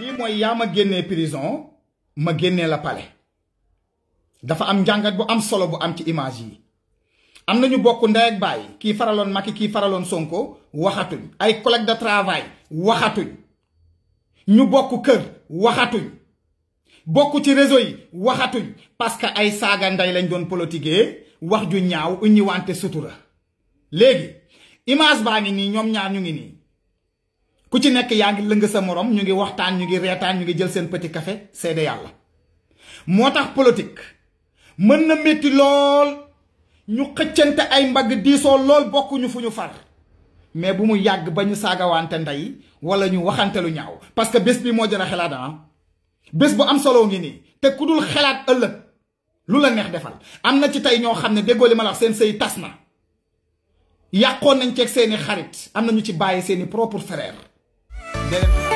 lii mooy yaa ma génnee prison ma génnee la palais dafa am njàngat bu am solo bu am ci image yi am nañu bokku ndey ak baay kii faraloon maki kii faraloon Sonko waxatuñ ay collègue de travail waxatuñ ñu bokk kër waxatuñ bokk ci réseau yi waxatuñ parce que ay saaga ndey lañ doon politiquer wax ju ñaaw uñi wante sutura léegi image baa ngi nii ñoom ñaar ñu ngi nii ku ci nek yaangi leung sa morom ñu ngi waxtaan ñu ngi reetaan ñu ngi jël seen petit café seede yàlla moo tax politique meun na metti lol ñu xëccënte ay mbag diisoo lool bokkuñu fu ñu far mais bu mu yagg bañu saga wante nday wala ñu waxante lu ñaaw parce que bés bi mo jëra xelaat ha ah. bés bu am solo ngi ni te ku dul xelaat ëlëk lu la neex defal amna ci tay ño xamne déggol li ma wax seen sey tasna nañ ci ak seeni xarit amna ñu ci seeni propre frère Yeah.